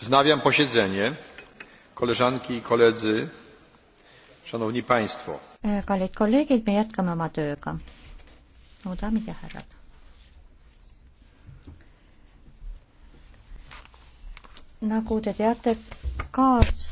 wznawiam posiedzenie koleżanki i koledzy E, kallid kolleegid, me jätkame oma tööga. mu daamid ja härrad. nagu te teate, kaas